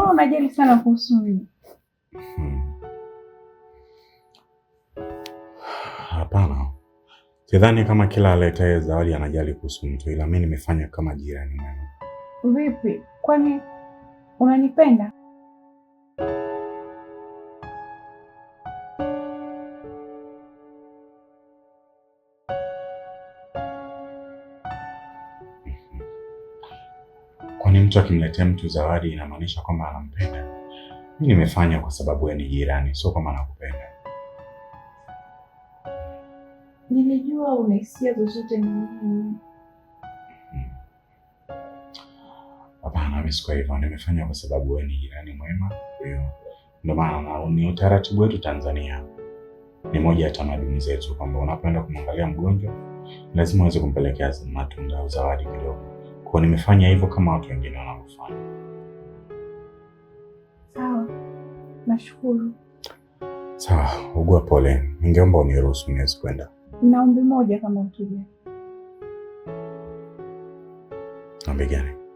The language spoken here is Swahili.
wao najali sana kuhusu mimi. Hmm. Hapana, sidhani kama kila aletaye zawadi anajali kuhusu mtu, ila mi nimefanya kama jirani. Vipi, kwani unanipenda? Kwani mtu akimletea mtu zawadi inamaanisha kwamba anampenda. Mi nimefanya kwa sababu yeye ni jirani, sio kwamba anakupenda. Nilijua una hisia zozote mimi. Hapana, mimi siko hivyo. Nimefanya kwa sababu wewe ni jirani mwema, ndio maana ni utaratibu wetu Tanzania, ni moja ya tamaduni zetu kwamba unapoenda kumwangalia mgonjwa lazima uweze kumpelekea matunda au zawadi kidogo kwa nimefanya hivyo kama watu wengine wanavyofanya. Sawa, nashukuru. Sawa, ugua pole. Ningeomba uniruhusu niwezi kwenda. Naombi moja kama ukija. Ombi gani?